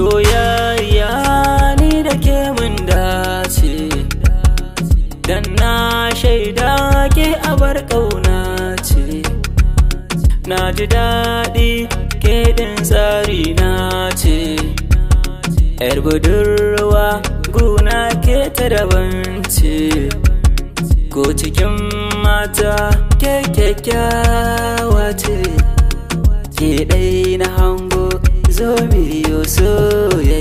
soyayya ni da ke mun dace dan na shaida ke abar kauna ce na ji daɗi ke din tsari na ce yar budurwa guna ke ta daban ce ko cikin mata ke kyakkyawa ce ke ɗai na hango so miliyo oh, so